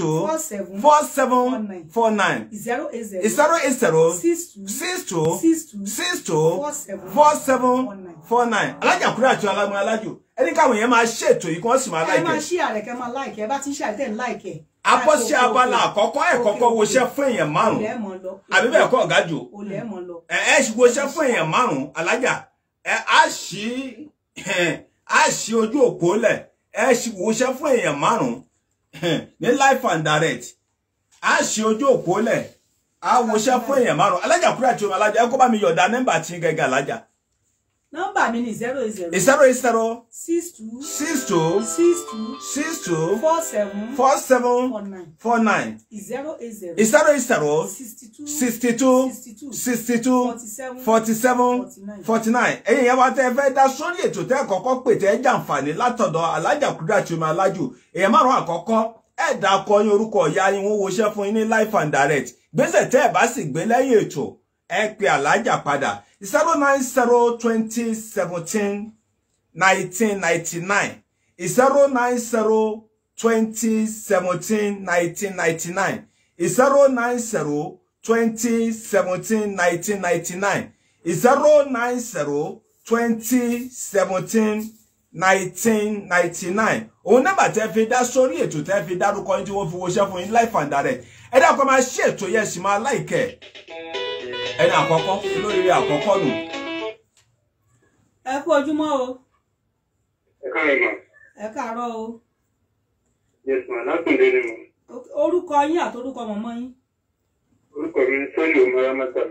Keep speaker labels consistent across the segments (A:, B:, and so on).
A: two four seven four nine
B: zero eight zero six two six two four
A: seven four nine alájà kúrẹ́ àti alágbọn alájò ẹni káwọn èèyàn máa ṣètò yìí kí wọ́n sì máa láìkẹ́. ẹ máa ṣí
B: àrẹ kẹ máa láìkẹ́ ẹ bá ti ń ṣe àrẹ tẹ̀ ń láìkẹ́. abọ́sí abala àkọ́kọ́ ẹ̀ kọ́kọ́ woṣẹ́ fún èèyàn márùn-ún àbí bẹ́ẹ̀ kọ́
A: ọ̀gá jù ẹ ẹ woṣẹ́ fún èèyàn márùn-ún alájà ẹ á ṣí á ṣí ojú òpó lẹ̀ ẹ woṣẹ́ fún èèyàn márùn-ún ní life and direct a ṣe ojú òpó lẹ̀ a wọṣẹ́ fún èèyàn márùn-ún alájà kúrò àti omi alájà ẹ kó bá mi yọ̀dá nẹ́mbà tí gẹ́gẹ́ alájà 0244
B: Nọ́mbà mi ni zero eight zero. zero
A: eight zero.
B: six two. six
A: two. six two. six
B: two. four seven. four seven. four nine. four nine. zero eight zero. zero
A: eight zero. sixty two. sixty two. sixty two. forty seven. forty seven. forty nine. ẹ̀yin yẹn wá tẹ́ fẹ́ dá sórí ètò tẹ́ kọ́kọ́ pè tẹ́ jàǹfààní látọ̀dọ̀ alájà Kudirat Yomi Alájù èèyàn márùn-ún àkọ́kọ́ ẹ̀ dá kọ yín orúkọ ìyá yín wọ́n wọṣẹ́ fún yín ní life and direct gbèsè tẹ́ ẹ̀ bá sì gbé lẹ́yìn ètò ẹ pè alájà padà 0902017 1999 090 2017 1999 090 2017 1999 090 2017 1999 òun nọ́mbà tẹ fi dá sórí ètò tẹ fi dárúkọ yín tí wọ́n fi wọṣẹ́ fún yín life and direct ẹ dákọ máa ṣe ètò yẹn sì máa láìkẹ ẹni àkọ́kọ́ olóríire àkọ́kọ́ nù.
B: ẹ kú ojúmọ́ o. ẹ káàárọ̀ ma. ẹ káàárọ̀ o.
A: yes ma látúndé ni mo.
B: orúkọ yín àti orúkọ mọ̀mọ́ yín.
A: orúkọ mi ni sọ́ọ̀lì ọmọ rámọ́tà.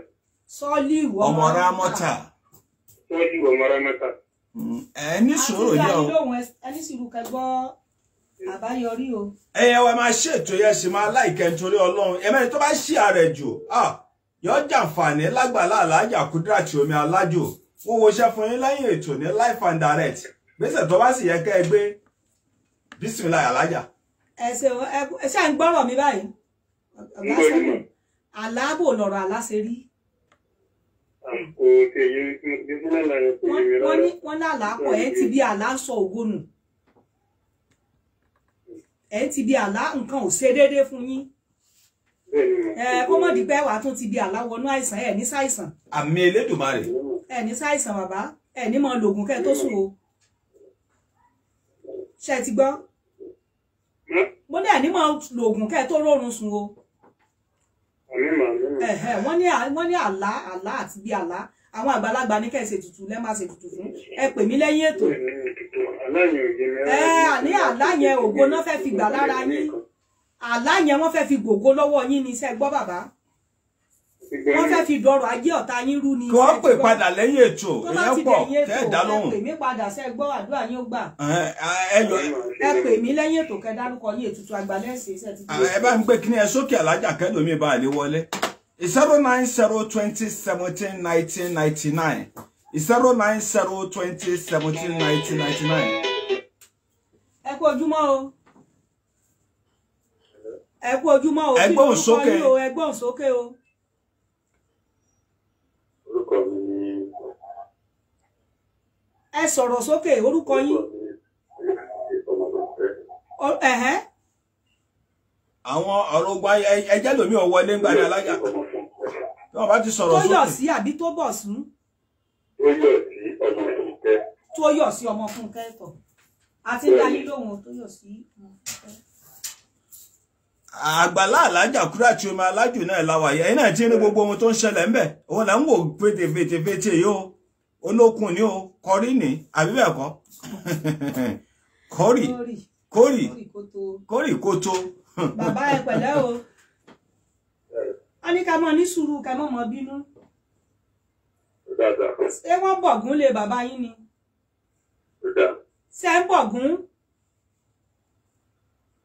B: sọ́ọ̀lì ọmọ
A: rámọ́tà. sọ́ọ̀lì ọmọ rámọ́tà. Mm, ẹ ní sùúrù yẹ o.
B: ẹ ní sùúrù kẹgbọ́ àbáyọrí o.
A: ẹ yẹ wa máa ṣètò yẹ sì máa láìkẹ́ nítorí ọlọ́run ẹ mẹ́rin tó bá ṣí ààrẹ jù ah yọ jàǹfààní lágbàlá aláàjà Kudirat omi Alájò wọn wo iṣẹ́ fún yín lẹ́yìn ètò ní life and direct gbèsè tó bá sì yẹ kẹ́ ẹ gbé bísímìlà aláàjà.
B: ẹ ṣeun ẹ ṣe ń gbọ́rọ̀ mi báyìí aláàbò lọ̀rọ̀ aláṣẹ rí. wọ́n ní àlàpọ̀ ẹ̀ ti bí aláṣọ ògónù ẹ̀ ti bí àlá nǹkan ò ṣe déédéé fún yín. ẹ eh, eh, kó mọ̀ dípẹ́ wàá tún ti di àláwọnú àìsàn ẹ ní ṣàìsàn.
A: àmì Elédùmarè.
B: ẹ ní ṣàìsàn bàbá ẹ ní mọ lògùn kẹ tó sùn o. ṣe ti gbọ́. Hmm? mo ní ẹ ní mọ lògùn kẹ tó rọrùn sùn o. Eh, wọ́n ní wọ́n ní àlá àlá àti bí àlá àwọn àgbàlagbà ní kẹ́ ẹ ṣe tutù lẹ́ máa ṣe tutù fún ẹ pè mí lẹ́yìn ètò.
A: ẹ àní àlá yẹn ògo náà fẹ́ fi gbà lára yín.
B: ala yẹn wọ́n fẹ́ fi gbogbo lọ́wọ́ yín ni iṣẹ́ gbọ́ bàbá wọ́n fẹ́ fi dọ̀rọ̀ ajé ọ̀tá yin ru ni iṣẹ́ gbọ́ kò pè padà lẹ́yìn ètò ìyẹn pọ̀ kẹ́ ẹ̀ dá lóhùn ẹ pè mí padà ṣe gbọ́ eh, eh, lẹ́yìn ètò kẹ́ dárúkọ yín ètùtù àgbàlẹ́sẹ̀ ti dé.
A: Eh, ẹ bá ń gbé kíní ẹ sókè alájà kẹlòmíì bá lè wọlé zero nine zero twenty seventeen
B: ẹ kú ojúmọ́ o. ẹ kú ojúmọ́ o kí lorúkọ yín o ẹ gbóhùn sókè o. orúkọ mi ni. ẹ sọ̀rọ̀ sókè orúkọ yín.
A: àwọn ọ̀rọ̀ ogun ẹjẹ́ lómi ò wọlé ń gbani alájà tí wọ́n bá ti sọ̀rọ̀ sókè. tó yọ̀ sí
B: àbí tó bọ̀ sún. tó yọ̀ sí ọmọ fúnkẹ́. tó yọ̀ sí ọmọ fúnkẹ́ tọ̀ àti dáyé lóhun tó yọ̀ sí ọmọ fúnkẹ́.
A: àgbàlá alájà kúrà tí omi alájù náà láwàyè ẹ̀yin náà ti gbogbo ohun tó ń ṣẹlẹ̀ ńbẹ̀ òun là ń wò pétefetefete yìí o olókun ni o kọrí ni àbí bẹ́ẹ̀ kórì kórì kórì kótó.
B: bàbá ẹ pẹ̀lẹ́ o wọ́n ní ká mọ̀ ní sùúrù ká mọ̀ mọ́ bínú. ṣé wọ́n bọ̀gún lé bàbá yín ni. ṣé ń bọ̀gún.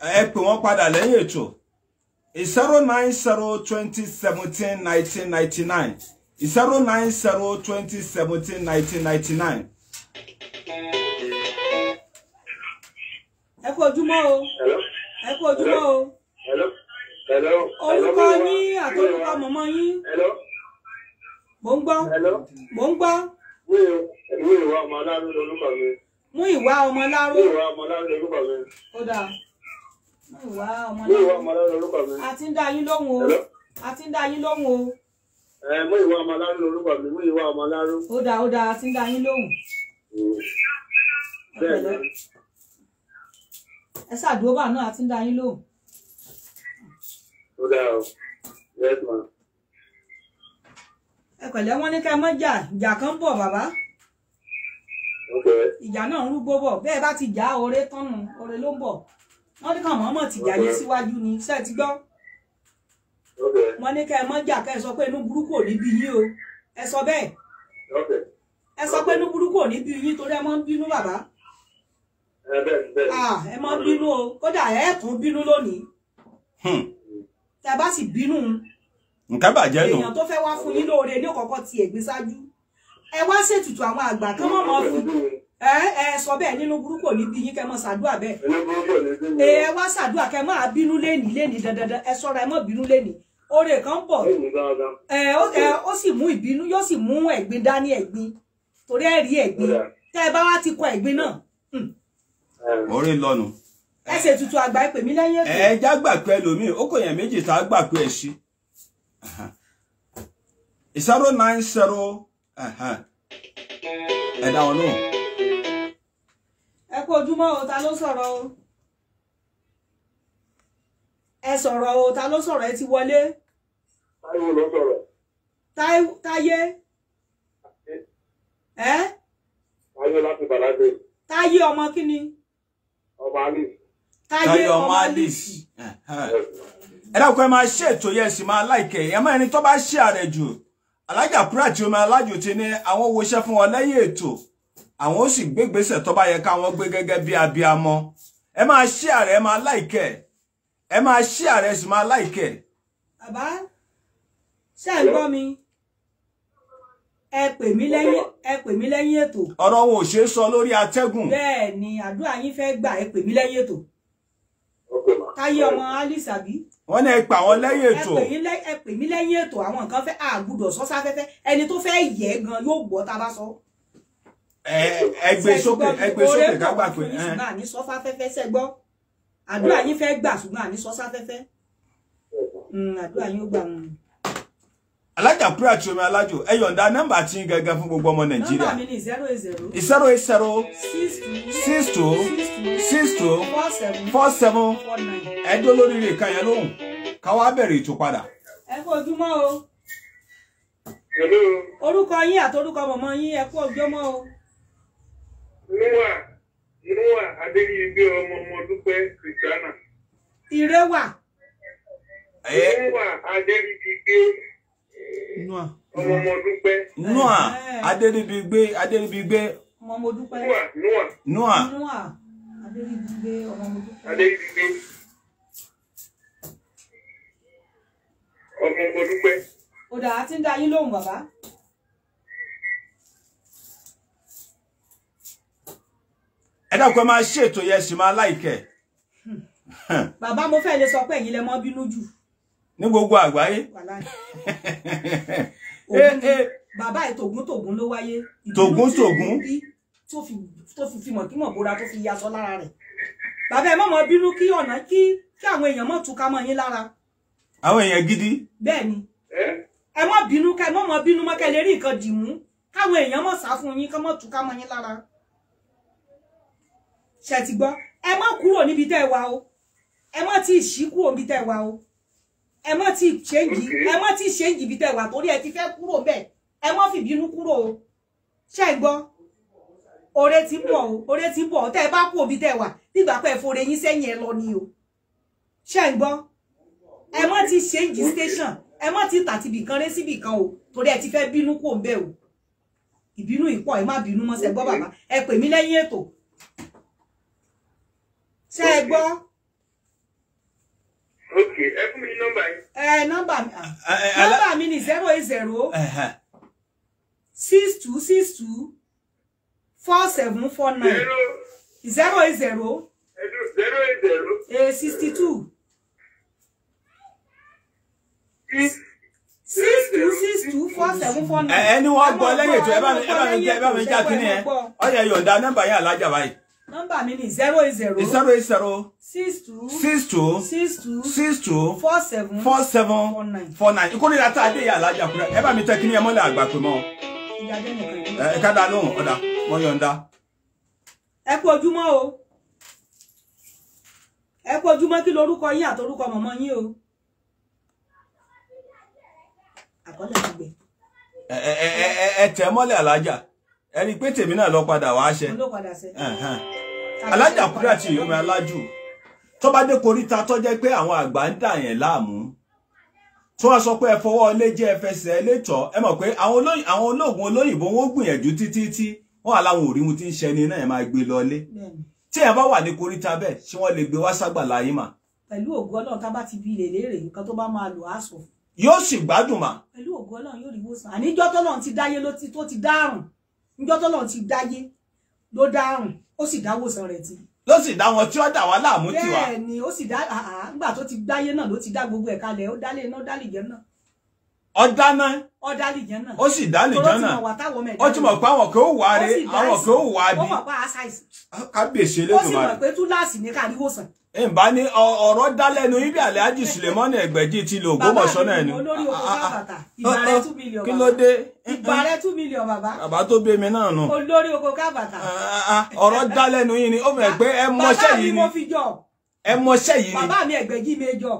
A: ẹ pè padà lẹyìn ètò zero nine zero 2017 1999 nineteen ninety nine 2017 1999 zero
B: ẹ ojúmọ́ o ẹ kú ojúmọ́ o orúkọ yín àtọ́lùkọ mọ̀mọ́ yín mò ń gbọ́ mò ń gbọ́. mú ìwà ọmọ aláró lórúkọ mi. mú ìwà ọmọ lórúkọ mi. ó dáa. ìwà ọmọlára lórúkọ mi. a ti ń dá yín lóhùn o mi mú ìwà ọmọlára. ó dáa ó dáa a ti ń dá yín lóhùn. bẹ́ẹ̀ ni. yes ma. ẹ pẹ̀lẹ́ wọ́n ní ká ẹ mọ́ jà ìjà kan ń bọ̀ bàbá ìjà náà ń rúgbó bọ̀ bẹ́ẹ̀ bá ti jà oore tọ́nu oore ló ń bọ̀ wọ́n ní kàn mọ́mọ́ ti jà yín síwájú ni ṣé ti gbọ́ wọ́n ní kẹ́ ẹ mọ́ jà kẹ́ ẹ sọ pé inú burúkú ò ní bí yín o ẹ sọ bẹ́ẹ̀ ẹ sọ pé inú burúkú ò ní bí yín torí ẹ mọ́ ń bínú bàbá ẹ ah, mọ́ ń bínú o kódà ẹ tún bínú lónìí hmm. tẹ bá sì bínú
A: nǹkan bàjẹ́ nù èèyàn tó
B: fẹ́ wá fún yín lóore ní òkọ́kọ́ ti ẹ̀gbin ṣáájú ẹ wá ṣètùtù àwọn àgbà kán mọ́ mọ́ fún yín. ẹ ẹ sọ bẹ́ẹ̀ nínú burúkú ní bí yín kẹ́ mọ́ ṣàdúà bẹ́ẹ̀ ẹ wá ṣàdúà kẹ́ máa bínú lénìí lénìí dandandan ẹ ṣọ́ra ẹ mọ́ bínú lénìí oore kan pọ̀ ẹ ó sì mú ìbínú yóò sì mú ẹ̀gbin dání ẹ̀gbin torí ẹ rí ẹ̀gbin tẹ́ ẹ bá wá ti kọ ẹ̀gbin náà. Hmm. orí lọnù. ẹ ṣe tutù àgbà ẹ pè mí lẹ́yìn ètò. ẹ já gbà
A: pé ẹlòmíì ó kò yàn méjì tá a gbà pé ẹ ṣí. zero nine zero ẹ dá wọn
B: ẹ kú ojúmọ́ o ta ló sọ̀rọ̀ o ẹ sọ̀rọ̀ o ta ló sọ̀rọ̀ ẹ ti wọlé. táyé ló sọ̀rọ̀. táyé. ẹ. táyé láti bàlágé. táyé ọmọ kíni. ọmọ alice.
A: táyé ọmọ alice. ẹ dákun ẹ máa ṣe ètò yẹn sì máa láìkẹ́ ẹ máa ẹni tó bá ṣe àrẹ̀ jù alájà kúrò àti omi alájò ti ní àwọn wo iṣẹ́ fún wọn lẹ́yìn ètò àwọn ó sì gbégbèsè tó bá yẹ káwọn gbé gẹ́gẹ́ bí abiamọ ẹ máa ṣí ààrẹ ẹ máa láìkẹ ẹ máa ṣí ààrẹ sì máa láìkẹ.
B: bàbá ṣé ń gbọ́ mi ẹ pè mí lẹ́yìn ẹ pè mí lẹ́yìn ètò. ọ̀rọ̀ wọn ṣe sọ lórí atẹ́gùn. bẹ́ẹ̀ ni àdúrà yín fẹ́ gbà ẹ pè mí lẹ́yìn ètò. táyé ọmọ alice àbí
A: wọ́n ní ẹ pè àwọn lẹ́yìn ètò
B: ẹ pè mí lẹ́yìn ètò àwọn nǹkan fẹ́ àgùdọ̀ sọ ẹni tó fẹ́ yẹ gan yóò gbọ́ tá a bá sọ.
A: egbe sókè ẹgbẹ́ sókè ká
B: pé ṣùgbọ́n àdúrà yín fẹ́ gbà ṣùgbọ́n àní sọ sáfẹ́fẹ́ mm, àdúrà yín ó gbà wọn.
A: alájà omi alájò ẹ yọ̀ǹda nọ́mbà tí ń gẹ́gẹ́ fún ọmọ nàìjíríà nọ́mbà mi
B: ni zero eight zero zero eight zero six two six two four seven ẹ̀ẹ́dọ́ lórí o orúkọ yín mọ̀mọ́ yín ẹ kú ojúmọ́ o. nwa nwa ọmọ ibi ọmụmụ dupe kristiana irewa
A: nwa adịghị ọmọ ọmọ dupe nwa adịghị igbe adịghị igbe
B: ọmụmụ dupe nwa nwa nwa adịghị igbe dupe. Ó dà, ti ń da yín lóhùn bàbá.
A: ẹ dákun ẹ máa ṣètò yẹn sì máa láìkẹ.
B: bàbá mo fẹ́ lè sọ pé ẹ̀yin lẹ mọ́ bínú jù.
A: ní gbogbo àgbáyé.
B: Eh, eh. bàbá ẹ tògúntògún ló wáyé. tògúntògún. tó fi fi mọ̀kímọ̀ bóra tó fi yaṣọ lára rẹ̀. bàbá ẹ mọ̀ bínú kí ọ̀nà kí kí àwọn èèyàn mọ̀ túká mọ́ yín lára.
A: àwọn èèyàn gidi.
B: bẹ́ẹ̀ ni eh? ẹ mọ̀ bínú ká mọ̀ bínú mọ́ kẹ́ lè rí nǹkan dì mú káwọn èèyàn mọ̀ sá fún yín kọ́ mọ̀ túká mọ́ yín lára ṣe ti gbọ́ ẹ má kúrò níbi tẹ́ ẹ wà o ẹ má ti ṣí kúrò níbi tẹ́ ẹ o ẹ má ti ṣéǹjì ẹ má ti ṣéǹjì níbi tẹ́ ẹ wà torí ẹ ti fẹ́ kúrò bẹ́ẹ̀ ẹ má fìbínú kúrò o ṣe gbọ́ ọ̀rẹ́ ti bọ̀ o ọ̀rẹ́ ti bọ̀ tẹ́ ẹ bá kú òbí tẹ́ ẹ wà nígbà pé ẹ fòrè yín ni o ṣe gbọ́ ẹ má ti ṣéǹjì station ẹ má ti tàtibì kan ré síbì kan o torí ẹ ti fẹ́ bínú kò ń o ìbínú ìpọ̀ ẹ má bínú mọ́ sẹ́ gbọ́ bàbá ẹ pè mí lẹ́yìn ètò ṣe é gbọ́. ok ẹ fún mi ní nọ́mbà yìí. ẹ nọ́mbà mi nọ́mbà mi ni zero eight zero six two six two four seven four nine zero eight zero zero eight zero eh, sixty two six two six two four seven four nine. ẹni wọn gbọ́ lẹ́yìn ètò ẹ bá mi jẹ ẹ bá mi jẹ kí ni ẹ
A: ọ yẹ yọ̀ǹda nọ́mbà yẹn alájà báyìí.
B: Number mi ni zero eight zero. zero eight zero. six two. six two. six two.
A: six two.
B: four seven. four seven. four nine.
A: four nine. ìkórìíra tá a dé yàrá àjàkúrẹ́ ẹ bá mi tẹ kí ni ẹ mọ́lẹ̀ àgbà pé mọ́.
B: ìjàdé nìkan. ẹ
A: ká dáa lóhùn ọ̀dà wọ́n yọ̀ǹda. o
B: ẹ kú ojúmọ́ kí lorúkọ yín àtọrúkọ mọ̀mọ́ yín o. àkọlẹ̀ ti gbẹ.
A: ẹ ẹ ẹ ẹ tẹ mọ́lẹ̀ alájà ẹ rí i pé tèmi náà lọ padà wá ṣe alájà kúrẹ́ àti ìyọ́mọ alájù tó bá dé koríta tó jẹ́ pé àwọn àgbà ń dà yẹn láàmú tó wá sọ pé ẹ fọwọ́ ilé jẹ́ ẹfẹsẹ̀ ẹlẹ́tọ̀ ẹ mọ̀ pé àwọn olóògùn olóyìnbó wọn ó gbìyànjú títí tí wọn àláwọn òríhun tí ń ṣẹni náà ẹ máa gbé lọlé tí ẹ bá wà ní koríta bẹ́ẹ̀ ṣé wọ́n lè gbé wá ságbàlá yín mà.
B: pẹ̀lú ògo Ọlọ́run tá bá ti bi lè léèrè nǹkan tó bá máa lò á sọ. yóò sì gbádùn mà. pẹ̀lú ògo Ọlọ́run yóò rí wòsàn àníjọ́ tọ́lọ́run ti dáyé ló ti tó ti dárùn níjọ́ tó lọ́n ti dáyé ló dá àrùn ó sì dá wòsàn rẹ̀ ti. ló sì dá wọn tí wọ́n dà wá láàmú tiwa. bẹ́ẹ̀ ni ó sì dá àgbà tó ti dáyé náà ló ti dá gbogbo ẹ̀ kalẹ̀ ó dálé iná dálì jẹ́ náà. ọ̀dá náà. ọ̀dá lì jẹ́ náà. ó sì dá lì jẹ́ náà. ó ti mọ̀ pé àwọn
A: kan ó wà rè àwọn kan ó wà bí. ó mọ̀ pé àṣà ìsìn. kábíyèsí elédùnmarè. ó sì mọ̀
B: pé túláàsì ní káàdì
A: nba ni ọ̀rọ̀ dálẹ́nu ibi alhaji suleiman ẹgbẹ̀jì ti lo Ògbómọ̀ṣọ́ náà ni ah,
B: ah, ah. kí ló dé ìbàrẹ two million bàbá bàbá
A: tó bí mi náà nù
B: olórí oko kábàtà
A: ọ̀rọ̀ dálẹ́nu yìí ni ó fẹ́ pé ẹ mọṣẹ́ yìí ni ẹ mọṣẹ́ yìí ni bàbá
B: mi ẹgbẹ̀jì mi jọ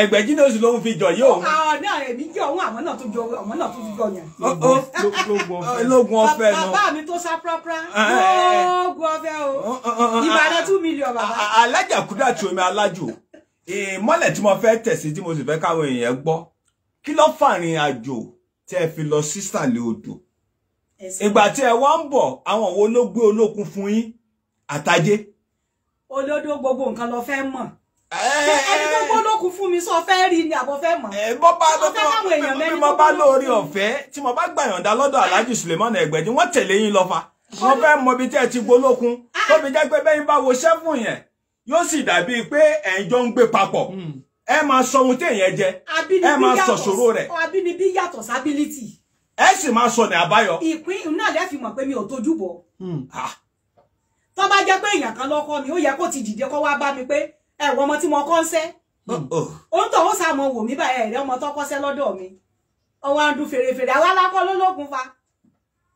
A: ẹgbẹ̀jì náà sì lóun fi jọ yìí òun.
B: àwọn náà èmi jẹ́ òun àwọn náà tún jọ àwọn náà tún fi jọ yẹn. Oh, oh. lóògùn ọ̀fẹ́ náà. bàbá mi tó sá pàápàá eh, eh, eh, lóògùn ọ̀fẹ́ o oh, ìbàdàn ah, two million
A: bàbá. Ah, ah, alájàkúdà tí omi alájò ìmọ́lẹ̀ tí mo fẹ́ tẹ̀sí tí mo sì fẹ́ káwọn èèyàn gbọ́ kí ló fàrin àjò tẹ́ fi lọ sísàlẹ̀ odò ìgbà tí ẹ wá ń bọ̀ àwọn wo ló gbé olókun fún yín
B: àtàjé. olódó gbogbo nǹkan ló fẹ́ mọ̀ ẹni tó gbólókun fún mi sọ fẹ́ rí ni àbọ̀ fẹ́ mọ̀. ẹ bọ́ bá lọ́tọ́ bí mo bá ọ̀fẹ́
A: tí mo bá gbàyànjá lọ́dọ̀ Alhaji Suleiman Ẹgbẹ̀dì wọ́n tẹ̀lé yín wọ́n fẹ́ mọ ibi tí ẹ ti gbólókun ah, ah. tóbi jẹ́ pé bẹ́yìn bá wo sẹ́fún yẹn yóò sì dàbí pé ẹ̀ ń gbé papọ̀ hmm. ẹ máa sọ ohun tí èèyàn jẹ
B: ẹ máa sọ abinibi yàtọ̀ sábílítì. ẹ sì máa sọ ní àbáyọ. ìpín náà fi mọ̀ pé mi ò tójú bọ̀. Hmm. jẹ́ pé ẹ̀wọ̀n ọmọ tí mo kọ́ ń sẹ́
A: ó
B: ń tọ̀wọ́ sá mo wò mí báyìí ẹ̀rẹ́ ọmọ tó kọ́sẹ́ lọ́dọ̀ mi ọwọ́ àdú fèrèfèrè àwa alákọ́ lólógun fa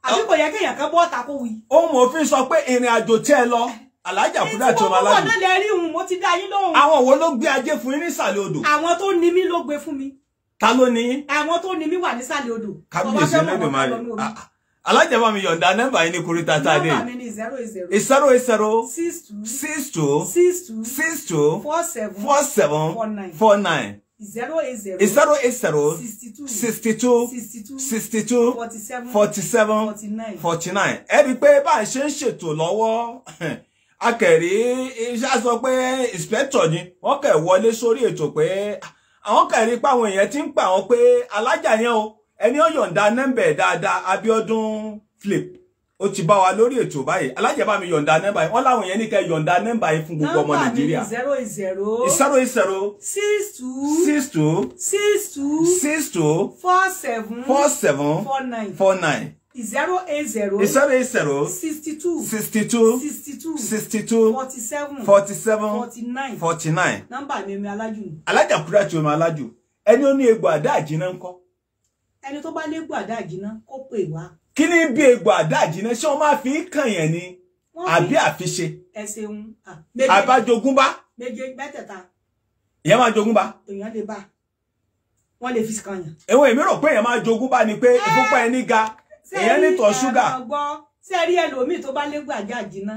B: àbí kò yẹ kéèyàn kan bọ́ ọ̀tà kó wí. ohun mo fi sọ pé ìrìn àjò tí ẹ lọ
A: alájà fúdà tí ọmọ alájà. ìtumọ̀
B: lọ́dẹ rí òun mo ti dá yín lóhùn. àwọn wo ló gbé ajé fún yín nísàlẹ̀ odò. àwọn tó ní mí ló gbé fún mi. ta ló ní. àwọn tó ní mí wà nísàlẹ̀ odò. kábíyèsí lẹ́dọ̀ máa rí
A: alájà bá mi yọ̀ǹda nọ́mbà yìí ní koríta tá a dé. nọ́mbà mi
B: ni zero zero.
A: zero zero. six
B: two. six two. six two. six two. four seven. four seven. four nine. four nine. zero eight zero. zero
A: eight zero. sixty two. sixty two. sixty two. forty seven. forty seven. forty
B: nine. forty
A: nine. ẹ rí i pé bá a ṣe ń ṣètò lọ́wọ́ akẹ̀rí iṣẹ́ sọ pé inspector ni wọ́n kẹ̀ wọlé sórí ètò pé àwọn kẹ̀rí pé àwọn èèyàn ti ń pa àwọn pé alájà yẹn o ẹni ó yọ̀ǹda nẹ́m̀bẹ̀ dáadáa abiodun flip ó ti bá wa lórí ètò báyìí alájẹbá mi yọ̀ǹda nẹ́mbà yìí wọ́n láwọn yẹn ní kẹ́ yọ̀ǹda nẹ́mbà yìí fún gbogbo ọmọ nàìjíríà. nọ́mbà
B: zero zero. zero six two. six two. six two. four seven. four seven. four nine. zero eight zero. sixty two.
A: sixty two. sixty two.
B: forty seven. forty nine. forty nine. mi omi alájù.
A: alájà omi alájù ẹni ó ní egbò àdá àjínà ńkọ́
B: ẹni tó bá légbò àdáàjìná kó pè wá.
A: kí ni bí egbò àdáàjìná ṣé wọn máa fi kàn yẹn ni
B: àbí àfiṣe. ẹ ṣeun àbájogún bá. méje mẹ́tẹ̀ẹ̀ta.
A: ìyẹn máa jogún bá.
B: èèyàn lè bá wọn lè fi kàn yàn.
A: èwo èmi rò pé èèyàn máa jogún ni pé eh, ìfúnpá ẹni ga èèyàn ní tọ̀ ṣúgà.
B: ṣé rí ẹlòmíì tó bá légbò àdáàjìná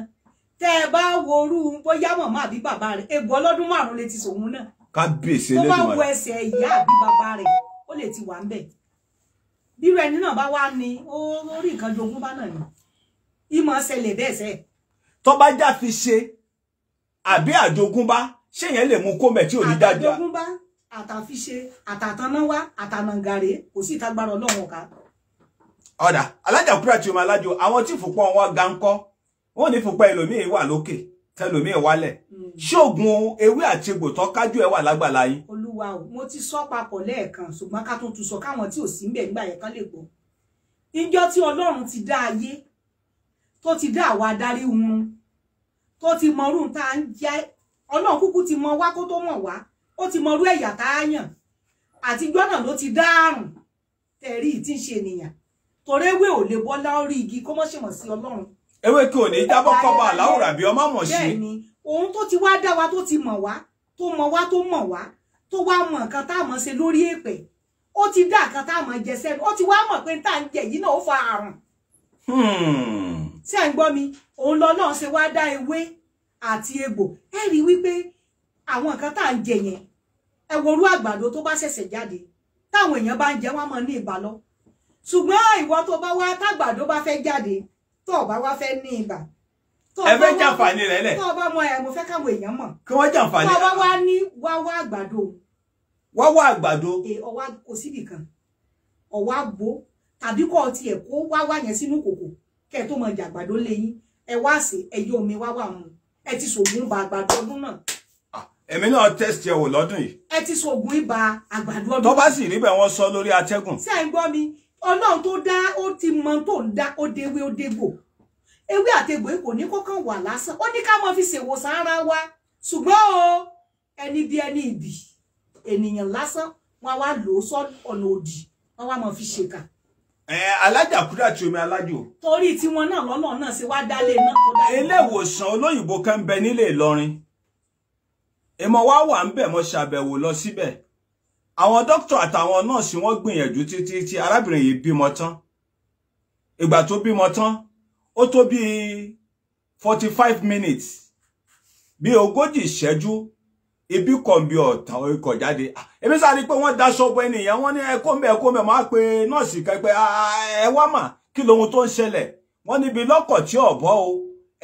B: tẹ ẹ bá wo orú bóyá màmá àbí bàbá rẹ egbò ọlọ́dún márùn-ún lè ti sòun náà.
A: kábíyèsí ẹlẹ́dùn rẹ tó bá wo
B: ẹsẹ̀ ìyá àbí bàbá rẹ ó lè ti wà ń bẹ̀ irú ẹni náà bá wá ní orí nǹkan jogún bá náà ni ìmọ̀ ṣẹlẹ̀ bẹ́ẹ̀ sẹ́.
A: tó bá já fi ṣe àbí àjogúnbá ṣéyẹn lè mú kó mẹ tí ò ní dájú.
B: àjogúnbá àtàfiṣe àtàtanáwá àtànàgàrè kò sí ìtagbára ọlọ́run ọ̀ka.
A: ọ̀dà alájà kúrò àti omi alájò àwọn tí ìfúnpọ̀ wọn ga ń kọ́ wọn ò ní ìfúnpọ̀ ẹlòmíín wà lókè tẹlòmíì wálẹ̀ hmm. ṣóògùn ewé àti egbò tó kájú ẹ wà lágbàlá yín.
B: olúwa o mo ti sọ papọ̀ lẹ́ẹ̀kan ṣùgbọ́n ká tó tún sọ káwọn tí ò sí ńbẹ̀ nígbà yẹn kán lè gbọ́. ìjọ́ tí ọlọ́run ti dá ayé tó ti dá àwa adarí hun tó ti mọrú tá à ń jẹ́ ọlọ́run kúkú ti mọ wá kó tó mọ̀ wá ó ti mọrú ẹ̀yà tá a yàn àtijọ́ náà ló ti dá àrùn tẹ̀rí tí ń ṣe ènìyàn toréwé ò lè bọ́ láórí igi kó mọ́ ṣèmọ̀ sí ọlọ́run
A: ewé kí ò ní jábọ́ kọ́ba àláwùrà bí ọmọ mọ̀ sí. bẹ́ẹ̀ni
B: ohun tó ti wá dá wa tó ti mọ̀ wá tó mọ̀ wá tó mọ̀ wá tó wá mọ̀ nǹkan tá a mọ̀ ṣe lórí èpè ó ti dá nǹkan tá a mọ̀ jẹ sẹ́nu ó ti wá mọ̀ pé tá à ń jẹ yìí náà ó fa àrùn.
A: Hmm.
B: ṣé ẹ̀ ń gbọ́ mi òun lọ náà ṣe wá dá ewé àti egbò ẹ rí i wípé àwọn nǹkan tá à ń jẹ yẹn ẹ worú àgbàdo tó bá ṣẹ̀ṣẹ̀ jáde táwọn èèyàn bá ń jẹ wọn máa ní ìbálọ́ ṣùgbọ́n ìwọ tó bá wá tágbàdo bá fẹ́ jáde tó ọba wá fẹ́ ní ibà
A: ẹ jàǹfààní rẹ̀ lẹ̀. tó
B: ọba mọ ẹ mo fẹ́ káwọn èèyàn mọ̀. kí wọ́n jàǹfààní. tó ọba wá ní wá wá àgbàdo. wá wá àgbàdo. ee ọwá kò síbì kan ọwá bo tàbí kọ́ ọtí ẹ̀ kó wá wá yẹn sínú kòkò kẹ́ ẹ tó mọ jàgbàdo lẹ́yìn ẹ wá sí ẹ yí omi wá mu ẹ ti sògùn ba àgbàdo ọdún náà.
A: èmi náà tẹ́sítì ẹ̀ wò lọ́dún yìí.
B: ẹ ti sògùn ibà àgbàdo ọdún. tó bá sì rí wọ́n
A: sọ lórí atẹ́gùn.
B: sẹ́yìn gbọ́ mi ọlọ́run tó dá ó ti mọ tó ń dá ó dewé ó degbò ewé àtegbò kò ní kọ́kàn wà lásán ó ní ká mọ fi ṣèwòsàn ara wa ṣùgbọ́n o ẹni bí ẹni ìbí ènìyàn lásán wọn wá lò ó sọ ọ̀nà òdì wọn wá mọ fi ṣèkà.
A: ẹ alájà kúrò àti omi alájò.
B: torí tiwọn náà lọ́nà náà ṣe wá dálé náà ilé
A: ìwòsàn olóyìnbó kan ń bẹ nílé Ìlọrin èmọ wá wà ń bẹ mo ṣàbẹ̀wò lọ síbẹ̀ àwọn dókítà àtàwọn nọ́ọ̀sì wọ́n gbìyànjú títí tí arábìnrin yìí bímọ tán ìgbà tó bímọ tán ó tó bí forty five minutes bí ogójì ìṣẹ́jú ibi kọ̀m̀bí ọ̀tàn ikọ̀ jáde ah, èmi sáré pé wọ́n daṣọ bọ ènìyàn wọ́n ní ẹ̀kọ́ mẹ́ ẹ̀kọ́ mẹ́ máa pe nọ́ọ̀sì kẹ́pẹ́ ah, ah, ẹ wá mà kí lohun tó ń ṣẹlẹ̀ wọ́n níbi lọ́kọ̀ tí ọ̀bọ o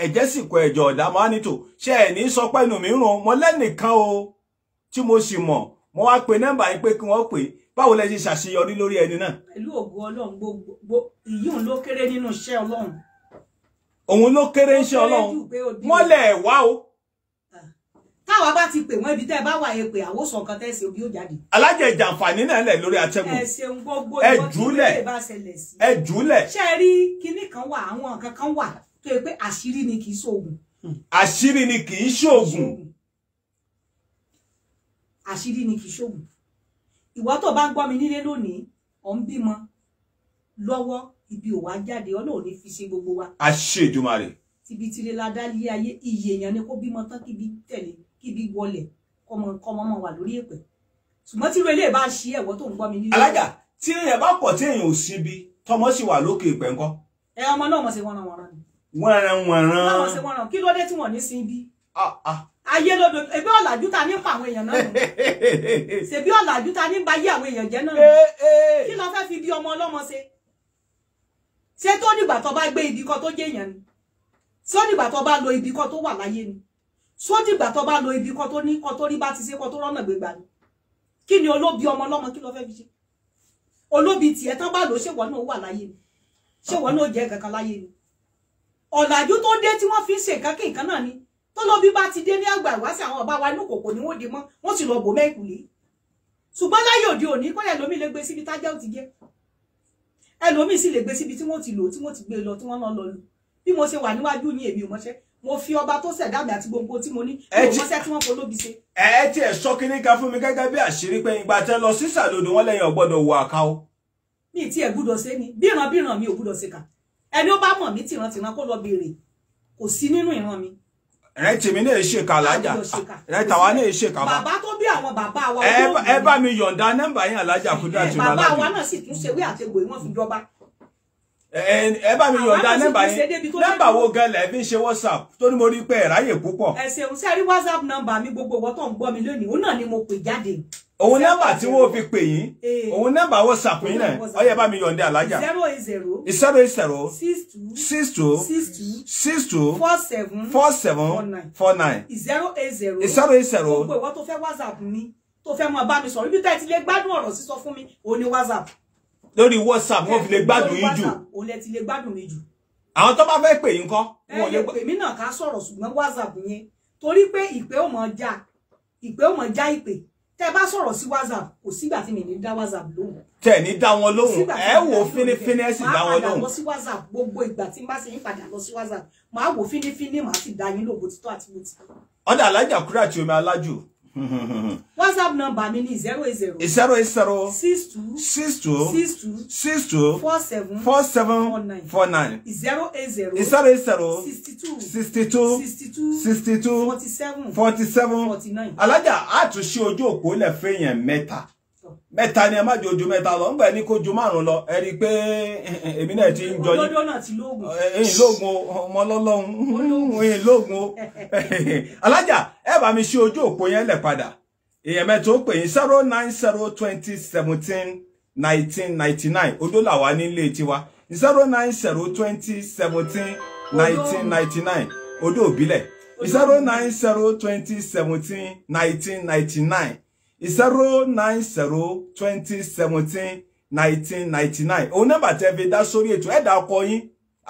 A: ẹ̀jẹ̀ sì kọ ẹ̀jọ̀ ọ̀dà máa nítò ṣe ẹ̀ ní sọ pé ẹnu mi rùn o tí mo sì mọ̀ mo wá pe nọ́mbà yìí pé kí wọ́n pè báwo lẹ ṣe ṣàṣeyọrí lori ẹni náà.
B: pẹ̀lú ògo ọlọ́run gbogbo ìyíhùn ló kéré nínú iṣẹ́ ọlọ́run.
A: òun ló kéré iṣẹ́ ọlọ́run
B: wọ́n lẹ̀ wá o. Ah. táwa bá ti pè wọ́n ibi tẹ́ ẹ bá wà yẹn pé àwòsàn nǹkan tẹ́sí o ó jáde.
A: alájẹ ìjàǹfààní náà lẹ̀ lórí atẹ́gùn. ẹ
B: ṣeun gbogbo ìwọ tí ilé bá ṣẹlẹ̀ sí. ẹ jùúlẹ̀. ṣé ẹ rí kinní kan wà àwọn nǹkan kan wà tó yẹ pé àṣírí ni kì í ṣoògùn.
A: Hmm. àṣírí ni kì í ṣoògùn
B: àṣírí ni kì í ṣògùn ìwọ tó bá ń gbọ́ mi nílé lónìí ò ń bímọ lọ́wọ́ ibi ò jáde ọlọ́run ní fi ṣe gbogbo wa.
A: àṣẹ Èdùmàrè.
B: tibi tire la dá lé ayé iye èèyàn ni kó bímọ tán kíbi tẹ̀lé kíbi wọlẹ̀ kọmọ kọmọ mọ wà lórí èpè ṣùgbọ́n tí relé bá ṣí ẹ̀wọ́ tó ń gbọ́ mi nílé. alájà
A: tí èèyàn bá pọ̀ tí èèyàn ò síbi tọmọ sì wà lókè ìpè ńkọ́.
B: ẹ ọmọ náà mọ̀ sí wọ́nranwọ̀nran.
A: wọ́nranwọ̀nran.
B: kí ló dé tí wọ́n ní sí ibi. ah ah ayé lódò ebi ọ̀làjú ta ní pa àwọn èèyàn náà ṣèbí ọ̀làjú ta ní ba yé àwọn èèyàn jẹ́ náà eh, eh. kí ló fẹ́ fi bí ọmọ ọlọ́mọ ṣe ṣé tó dìgbà tó bá gbé ibi kan tó jẹ́ èèyàn ni ṣó dìgbà tó bá lo ibi kan tó wà láyé ni ṣó dìgbà tó bá lo ibi kan tó ní kan tó rí bá ti ṣe kan tó rọ́nà gbégbá ni kí ni olóbi ọmọ ọlọ́mọ kí ló fẹ́ fi ṣe olóbi tiẹ̀ tán bá lò ṣèwọ náà wà láyé ni ṣèwọ náà jẹ́ kankan láyé ni ọ̀làjú tó dé tí wọ́n fi ń ṣe nǹkan kí nǹkan náà ni tó lóbi bá ti dé ní àgbà ìwáṣẹ̀ àwọn ọba wa inú kòkò ni wọ́n di mọ́ wọ́n sì lọ bò mẹ́kùlé ṣùgbọ́n láyé òde òní kọ́lẹ̀ lómi lè gbé síbi tájá ò ti jẹ́ ẹlòmíì sì lè gbé síbi tí wọ́n ti lò tí wọ́n ti gbé lọ tí wọ́n lọ lọ lù bí mo ṣe wà níwájú yín èmi ò mọṣẹ́ mo fi ọba tó ṣẹ̀dá mi àti gbogbo tí mo ní ìwòmọṣẹ́ tí wọ́n polóbi ṣe. ẹ ti ẹ sọ kínní kan fún mi
A: gẹ́gẹ́ bí àṣírí pé ìgbà tẹ lọ sí sàlódò wọn lẹ́yìn ọgbọ́dọ̀ wọ àká o.
B: mi ti ẹ gbúdọ̀ ṣe ni bíran bíran mi ò gbúdọ̀ ṣe kà ẹni ó bá mọ̀ mí tìran tìran kó lọ béèrè kò sí nínú ìran mi
A: rẹ tèmi náà ṣe kà lájà rẹ tàwa náà ṣe kà bá. bàbá
B: tó bí àwọn bàbá wa. ẹ
A: bá mi yọ̀ǹda nọ́mbà yín alájà kúndà tó lálẹ́. bàbá wa
B: náà sì tún ṣe wí àtẹ̀gbò yìí wọ́n fi jọba
A: ẹ bá mi yọ̀ǹda nẹ́mbà yín nẹ́mbà wo gan lẹ fi ń ṣe whatsapp torí mo rí pé ẹ ráyè púpọ̀.
B: ẹ ṣeun ṣe rí whatsapp nọ́mbà mi gbogbo ìwọ tó ń gbọ́ mi lónìí òun náà ni mo pè jáde.
A: òun nẹ́mbà tí wọ́n fi pè yín òun nẹ́mbà whatsapp yín náà ó yẹ bá mi yọ̀ǹda alájà.
B: zero eight zero
A: zero eight zero six two six two six two
B: four seven four seven four nine zero eight zero zero eight zero gbogbo ìwọ tó fẹ́ whatsapp mi tó fẹ́ mọ bá mi sọ̀rọ̀ ibi tá ẹ ti lè gbádùn ọ̀rọ̀ sísọ fún mi òun ni whatsapp
A: lórí whatsapp wọn fi lè gbádùn yín jù
B: òun lẹ ti lè gbádùn mi jù.
A: àwọn tó bá fẹ́ pè yín kọ́. ẹ lè pè
B: mí náà ká sọ̀rọ̀ ṣùgbọ́n whatsapp yẹn torí pé ìpè ò mọ̀ já ìpè ò mọ̀ já ìpè tẹ bá sọ̀rọ̀ sí whatsapp kò sígbà tí mi ní dá whatsapp lóhùn.
A: tẹ ní dá wọn lóhùn ẹ wò fínífíní ẹ sì dá wọn lóhùn. máa padà lọ sí
B: whatsapp gbogbo ìgbà tí n bá ṣe ń padà lọ sí whatsapp máa wò fínífíní máa sì dá yín lóhùn bó ti tọ́ àti bó ti tọ́.
A: ọ̀dà alájà kúrò àti omi alájù
B: WhatsApp number mi ni zero eight zero.
A: zero eight zero. six two. six two. six two. six two.
B: four seven. four seven. four nine. four nine. zero eight zero. zero
A: eight zero. sixty two. sixty two. sixty two. sixty two. forty seven. forty seven. forty nine. alájà a tún ṣí ojú òpó lẹ́fẹ̀ẹ́yàn mẹ́ta. mẹ́ta ni ẹ má jojú mẹta lọ ńgbà ní kó márùn lọ ẹ rí i pé eh, èmi náà ti ń jọ yín ẹ̀yin lóògùn ọmọ eh, eh, lóògùn o alájà ẹ bá mi ṣe ojú òpó yẹn padà èèyàn mẹta ó pè yín zero nine zero twenty seventeen odó làwa nílé tiwa nine zero twenty seventeen odó òbílẹ̀ zero nine zero twenty seventeen Zero zero nine twenty seventeen 090 2017 1999 òun nọ́mbà tẹ́ fi dá sórí ètò ẹ̀dá ọkọ yín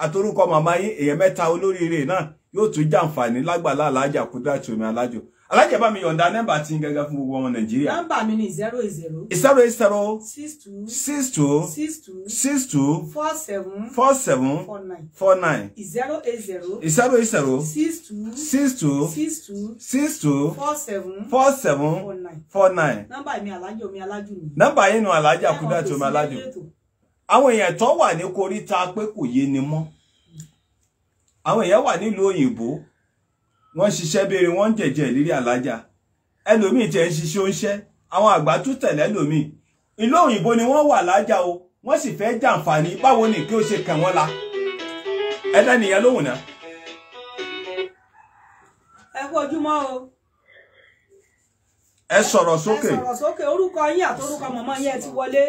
A: àtorúkọ màmá yín èèyàn mẹ́ta olóríire náà yóò tún jàǹfààní lágbàlá aláàjà kúdà tòmí alájò alájẹ bá mi yọ̀ǹda nẹ́mbà tí ń gẹ́gẹ́ fún gbogbo ọmọ nàìjíríà.
B: nọ́mbà mi ni zero eight zero. zero eight zero. six two. six two. six two. six two. four seven. four seven. four nine. four nine. zero eight zero.
A: zero eight zero. six two. six two. six two. six two.
B: four seven. four seven. four nine. four nine. nọ́mbà mi alájẹ omi alájú mi.
A: nọ́mbà yín nu alájẹ àkúdà tí omi alájú. àwọn èèyàn tó wà ní koríta pé kò yé ni mọ́ àwọn èèyàn wà nílùú òyìnbó wọ́n ṣiṣẹ́ béèrè wọ́n ń jẹ̀jẹ̀ ìlérí alájà ẹlòmíì tẹ̀ ń ṣiṣẹ́ oúnṣẹ́ àwọn àgbà tún tẹ̀lé ẹlòmíì ìlú òyìnbó ni wọ́n wà lájà o wọ́n sì fẹ́ jàǹfààní báwo ni kí ó ṣe kàn wọ́n la
B: ẹ̀dá nìyẹn lóhùn náà. ẹ kú ojúmọ́ o.
A: ẹ sọ̀rọ̀ sókè. ẹ sọ̀rọ̀
B: sókè orúkọ yín àtorúkọ mọ̀mọ́ yẹn ti wọlé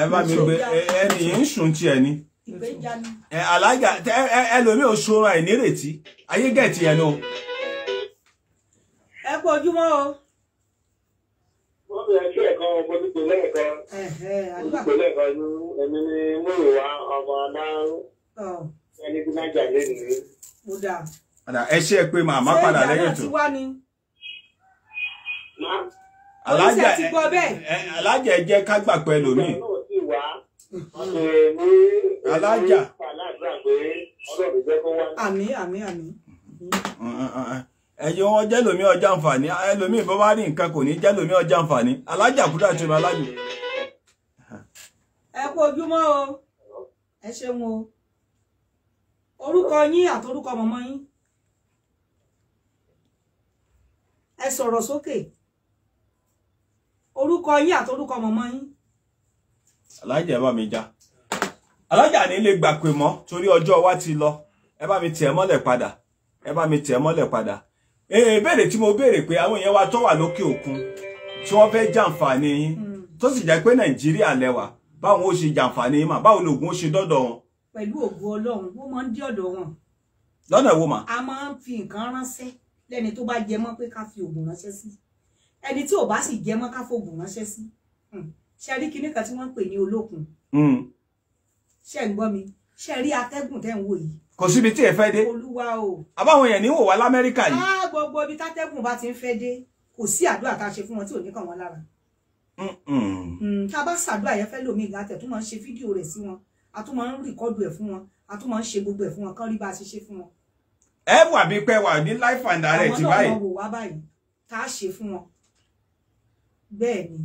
A: ẹ bá mi gbé ẹni yìí ń sùn tiẹ̀ ni. alájà ẹlòmíì ò ṣòro àìnírètí ayé
B: ẹ kú ojúmọ́ o. wọ́n mi ẹ̀ṣọ́ ẹ̀kan ọmọ nípò lẹ́ẹ̀kan
A: nípò lẹ́ẹ̀kan ní ẹ̀mí ní múlùwá ọmọ adáhùn ẹni tí náà jà lẹ́nu. mo ẹ ṣe é pé màmá padà lẹ́yìn tó
B: alájà àmì àmì àmì.
A: ẹ̀yin wọn jẹ́ lómi ọjà àǹfààní ẹlòmíì bọ́ bá rí nǹkan kò ní jẹ́ lómi ọjà àǹfààní alájà kúrò àti ìmọ̀ alájù.
B: ẹ kú ojúmọ́ o ẹ ṣeun o orúkọ yín àtorúkọ mọ̀mọ́ yín ẹ sọ̀rọ̀ sókè orúkọ yín àtorúkọ mọ̀mọ́ yín
A: alájà bá mi já alájà ní lè gbà pé mọ́ torí ọjọ́ wa ti lọ ẹ bá mi tẹ̀ mọ́lẹ̀ padà ẹ bá mi tẹ̀ mọ́lẹ̀ padà ee béèrè tí mo béèrè pé àwọn èèyàn wa tó wà lókè òkun tí wọ́n fẹ́ jàǹfààní yín hmm. tó sì jẹ́ pé nàìjíríà lẹ́wà báwọn ó ṣe jàǹfààní yín mà báwo ni oògùn ó ṣe dọ́dọ̀ wọn.
B: pẹ̀lú ògùn ọlọ́run wọ́n máa ń dí ọ̀dọ̀ wọn. lọ́nà wo mà. a máa ń fi nǹkan ránṣẹ́ lẹ́ni tó bá jẹ mọ́ pé ká fi oògùn ránṣẹ́ sí ẹni tí ò bá sì jẹ ká fòògùn ránṣẹ́ sí hmm ṣe rí kinní kan tí wọ́n ń pè ní olókun hmm. ṣe ń gbọ́ mi ṣe rí atẹ́gùn tẹ́ ń wò yìí
A: kò síbi tí ẹ fẹ́ dé
B: olúwa o
A: àbáwọn èèyàn ní wò wá lamẹ́ríkà yìí
B: á ah, gbogbo ibi tátẹ́gùn bá ti ń fẹ́ dé kò sí àdúrà tá a ṣe fún wọn tí ò ní kàn wọ́n lára
A: hmm,
B: tá a bá ṣàdúrà yẹn fẹ́ lómi ìgbà tó máa ń ṣe fídíò rẹ̀ sí wọn a tún máa ń rìkọ́dù ẹ̀ fún wọn a tún máa ń ṣe gbogbo ẹ̀ fún wọn kán rí bá a ṣe ṣe fún wọn.
A: ẹ wà bí pé wà ní life and direct báyìí àwọn náà
B: wọn wá báyìí tá a ṣe fún wọn bẹ́ẹ̀ ni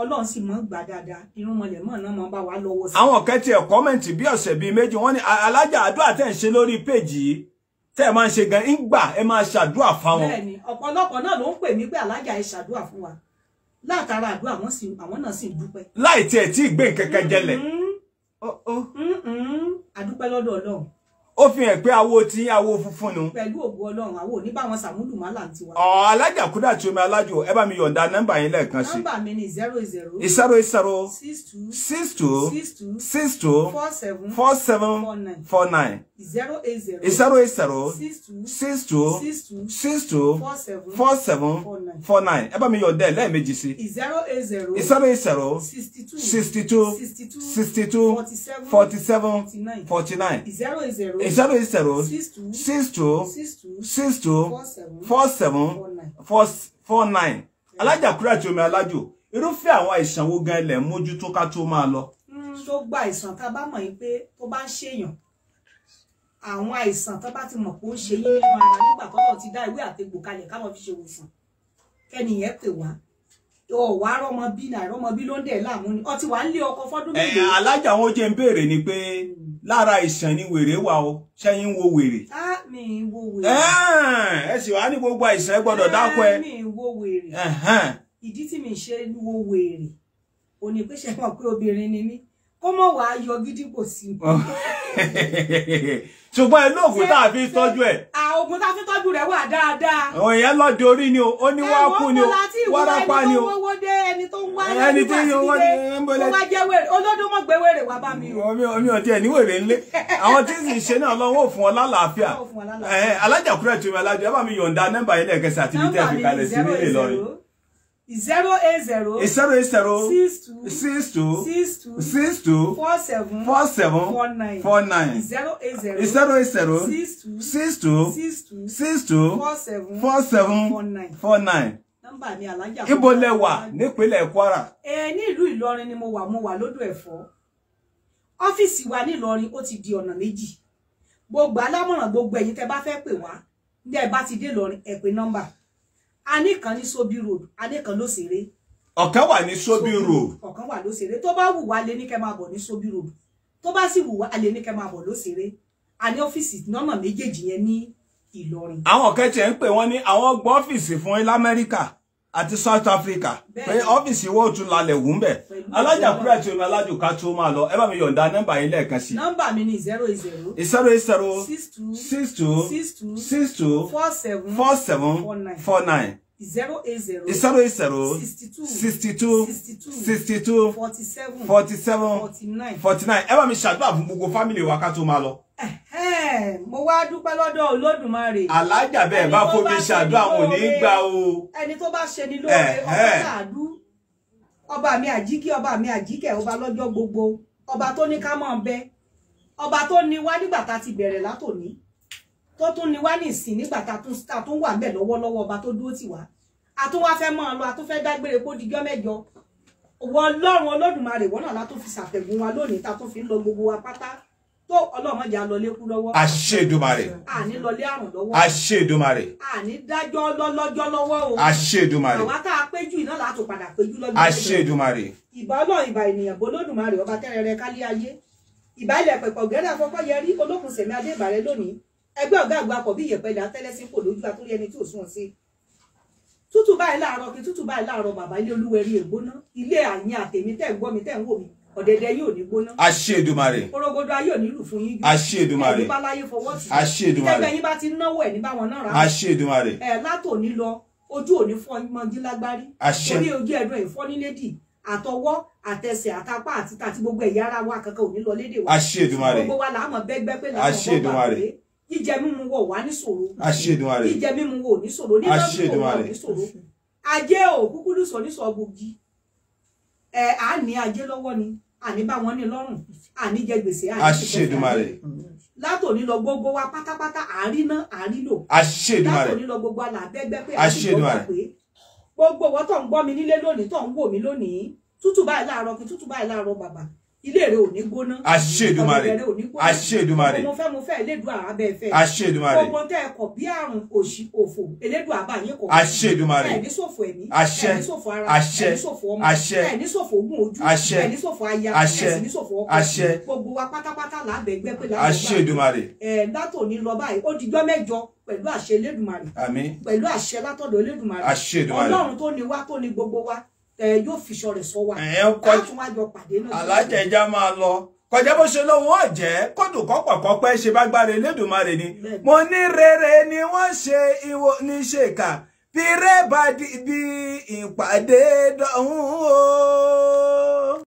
B: ọlọ́run sì mọ́ gbà dáadáa irúnmọlẹ̀ mọ́ náà mọ́ bá wa lọ́wọ́ sí. àwọn
A: kan tiẹ̀ kọ́mẹ̀ntì bí ọ̀sẹ̀ bíi méjì wọ́n ní alájà àdúrà tẹ̀ ń ṣe lórí péjì yìí tẹ́ ẹ máa ń ṣe gan ń gbà ẹ máa ṣàdúrà fáwọn. bẹ́ẹ̀ni
B: ọ̀pọ̀lọpọ̀ náà ló ń pè mí pé alájà ẹ ṣàdúrà fún wa látara àdúrà àwọn náà sì ń dúpẹ́. láì tiẹ̀ tí ì gbé nǹkan kan jẹlẹ̀. àdúpẹ́ mm-hmm. mm-hmm. mm-hmm. lọ́dọ̀ ọlọ́run ó fi hàn pé awo tí awo funfun nu. pẹ̀lú ògo ọlọ́run àwo ní báwọn sàmúlù máa là ń tiwa. ọ̀ alájà
A: kúdà tí omi alájò ẹ bá mi yọ̀ǹda nọ́mbà yín lẹ́ẹ̀kan sí. nọ́mbà
B: mi ni zero zero. zero zero. six two. six two. six two.
A: six two. four
B: seven. four seven. four nine. four nine zero eight zero zero
A: eight zero six
B: two six two six two four seven four seven
A: four nine ẹ bá mi yọ dẹ lẹ́ẹ̀mejì sí.
B: zero eight zero zero eight zero sixty
A: two sixty two sixty two forty seven forty seven forty nine
B: zero eight zero zero
A: eight zero six two six two six two
B: four seven
A: four four nine. alájàkúrẹ́ àti omi alájò irúfẹ́ àwọn àìsàn wo gan-an lẹ̀ ń mójútó ká tó máa lọ.
B: Hmm, tó gba àìsàn tá a bá mọ̀ yín pé tó bá ń ṣèyàn àwọn àìsàn tó bá ti mọ̀ pé ó ń ṣe yín nínú ara nígbà tọ́lọ̀ ti dá ìwé àtegbò kalẹ̀ káwọn fi ṣe wòsàn kẹ́nìyẹn pè wá ọ̀wá rọmọ bí náà rọmọ bí ló ń dẹ̀ láàmú ni ọtí wàá lé ọkọ fọ́dún mélòó. ẹ
A: alájà wọn jẹ ń béèrè ni pé hmm. lára ìsàn ni wèrè wà o ṣẹyìn wo wèrè.
B: á mi wo wèrè. ẹ
A: sì wá ní gbogbo àìsàn ẹ gbọ́dọ̀ dákọ ẹ.
B: mi wo wèrè. ìdí tí mi ṣe wo wèrè ò ní pé ṣe mọ̀ pé obìnrin ni mí kó mọ̀ wá yọ gídígbò sí
A: ṣùgbọ́n ẹ lóògùn tá a fi tọ́jú ẹ̀.
B: àògùn tá a fi tọ́jú rẹ̀ wà dáadáa.
A: àwọn èèyàn lọ di orí ni o ó ní wá kú ni o wárápá ni o.
B: ẹni tó ń wá ẹni tó ń wá ẹni tó ń wá jẹ́ wèrè olódún mọ̀ gbé wèrè wá bá mi o. omi ọtí ẹ ní wèrè ńlẹ̀ àwọn tí
A: sì ń ṣe náà lọ́wọ́ òfun ọlá làáfíà alájà kúrẹ́ tún mi alájọ ẹ bá mi yọ̀ǹda nọ́mbà yẹn lẹ́ẹ̀kẹsì àti ibi tẹ́ fi kalẹ̀ sí nílé lọ́rin
B: zero eight zero. zero
A: eight zero. six two. six two. six two. six two. four
B: seven. four seven. four nine. four nine. zero eight zero. zero eight zero. six two. six two. six two. four seven. four seven. four nine.
A: four nine.
B: nọ́mbà mi alájà. ibo
A: lẹ wà nípínlẹ̀ Kwara.
B: ẹ ní ìlú Ìlọrin ni mo wà mo wà lódò ẹ̀fọ́ ọ́fíìsì wa nílọrin ó ti di ọ̀nà méjì gbogbo alámọ̀ràn gbogbo ẹ̀yin tẹ́ bá fẹ́ pè wá bí ẹ bá ti dé Ìlọrin ẹ pè nọ́mbà 0244 a ní kan ní sobi road a ní kan lóṣèré.
A: ọ̀kan wà ní sobi road.
B: ọ̀kan wà lóṣèré tó bá wù wá lé ní kẹ́ máa bọ̀ ní sobi road tó bá sì wù wá lé ní kẹ́ máa bọ̀ lóṣèré a ní ọ́fíìsì nọ́mà méjèèjì yẹn ní Ìlọrin.
A: àwọn kẹ́tì ẹ̀ ń pè wọ́n ní àwọn gbọ́ ọ́fíìsì fún àti South Africa pé ọ́fíìsì ìwọ òtún lálẹ́ wù ń bẹ̀ alájà kúrẹ́ àti omi alájò ká tó máa lọ ẹ bá mi yọ̀ǹda nọ́mbà yín lẹ́ẹ̀kan sí.
B: nọ́mbà mi ni zero eight zero. zero eight zero six two six two six two four seven four seven four nine zero eight zero zero
A: eight zero sixty two sixty two
B: sixty two forty seven forty seven forty nine forty
A: nine ẹ bá mi ṣàdúrà fún gbogbo fámìlì wa ká tó máa lọ.
B: mo wá dúpẹ́ lọ́dọ̀ Olódùmarè. alájà bẹ́ẹ̀ bá fomi ṣàdúrà wọn ò ní gbà o. ẹni tó bá ṣe ni lóore ọba ṣàdú ọba mi àjíkẹ́ ọba mi àjíkẹ́ ọba lọ́jọ́ gbogbo ọba tó ní ká máa bẹ ọba tó ní wá nígbà tá a ti bẹ̀rẹ̀ látòní tó tún ni wá nìsín nígbà tá tún wà bẹ́ẹ̀ lọ́wọ́lọ́wọ́ ọba tó dúró tì wá a tún wá fẹ́ máa lọ a tún fẹ́ dágbére kó dijọ́ mẹ́jọ wọ ọlọ́run olódùmarè wọ́n náà la tún fi ṣàfẹ̀gùn wa lónìí ta tún fi ń lọ gbogbo wa pátá tó ọlọ́mọdé a lọlé kú lọ́wọ́.
A: àṣedùmarè.
B: àní lọlé àrùn lọ́wọ́.
A: àṣedùmarè.
B: àní dájọ́ lọ́lọ́jọ́ lọ́wọ́ o. àṣedùmarè. àwa tá a péjú iná la tó padà péjú lọ́jọ́. àṣedùmarè. ìbà ọlọ́run ìbà ènìyàn bolódùmarè ọba tẹ́rẹrẹ kálí ayé ìbà ilẹ̀ pẹ̀pọ̀ gẹ́rẹ́ àfọ́kọ́ yẹrí olókùn sẹ̀mí adé ìbàrẹ́ lónìí ẹgbẹ́ ọ̀gá àgbà kọ̀ bí ìyẹ̀pẹ̀ ilẹ̀ atẹ́lẹ́sí kò lójú àtúrí ẹni tí ò sún ọ sí tútù báyìí láàárọ̀ kí tútù báyìí láàárọ̀ bàbá ilé olúwẹrí ègbóná ilé àyìn àtèmi tẹ́ ń gbọ́ mi tẹ́ ń wò mí ọ̀dẹ̀dẹ̀ yóò ní gbóná. àṣẹ Èdùmàrè. orogodo ayé ò ní lù fún yín jù. àṣẹ Èdùmàrè. ẹ̀yin bá láyé fọwọ́ sí. àṣẹ Èdùmàrè. tẹ́gbẹ́ yín bá ti náwó ẹ̀ ní báwọn náà rà. àṣẹ Èdùmàrè. ẹ̀ látò ní lọ ojú ò ní fọ́ mọ́jú lágbárí. àṣẹ. orí ojú ẹ̀dùn ẹ̀fọ́ nílé dì àtọwọ́ àtẹsẹ̀ àtapá àti tàti gbogbo ẹ̀yà ara wa kankan ò ní lọ léde wa. àṣẹ Èdùmàrè. gbogbo wa làá mọ̀ bẹ́gbẹ́ pé làwọn mọ̀ bá pé jíjẹ mímu wọ̀ wá níṣòro jíjẹ mímu wọ̀ níṣòro nílọ́dún wọ̀ níṣòro ajé ò kúkú ní sọ níṣọ gbòógì ẹ à ní ajé lọ́wọ́ ni àní bá wọn ní lọ́rùn àní jẹ gbèsè àní ṣe fẹ́ látòní lọ gbogbo wa pátápátá àárín náà àárín lò látòní lọ gbogbo wa là bẹ́gbẹ́ pé àti gbogbo wa pé gbogbo wọn tó ń gbọ́ mi nílé lónìí tó ń wò mí lónìí tútù báyìí láàárọ̀ kí tútù báyìí láàárọ̀ bàbà ilé rẹ ò ní gbóná àṣẹ Èdùmàrè àṣẹ Èdùmàrè mo fẹ́ mo fẹ́ elédùn àrà bẹ́ẹ̀ fẹ́ àṣẹ Èdùmàrè ọmọ tẹ́ ẹ bí àrùn òṣì òfò elédùn àbá yín kọ̀ àṣẹ Èdùmàrè ẹ̀ní ṣòfò ẹ̀mí àṣẹ ẹ̀ní ara àṣẹ ẹ̀ní ọmọ àṣẹ ẹ̀ní ṣòfò ojú àṣẹ ẹ̀ní aya àṣẹ ẹ̀ní ọkọ gbogbo wa pátápátá làbẹ̀gbẹ́ pé làbẹ̀gbẹ́ pẹ̀lú àṣẹ Elédùmarè àmín pẹ̀lú àṣẹ látọ̀dọ̀ Elédùmarè àṣẹ Elédùmarè Ọlọ́run tó ni wá tó ni gbogbo wa yóò fi ṣọrẹ sọ wa láti wá jọ pàdé náà. alájẹjá
A: máa lọ kọjá bó ṣe lóun ó jẹ kódù kọpọ kọpẹ ṣe bá gbára Elédùmarè ni mo ní rere ni wọ́n ṣe ìwọ ní ṣèkà bí rẹ bá di ìpàdé dọ̀hún o.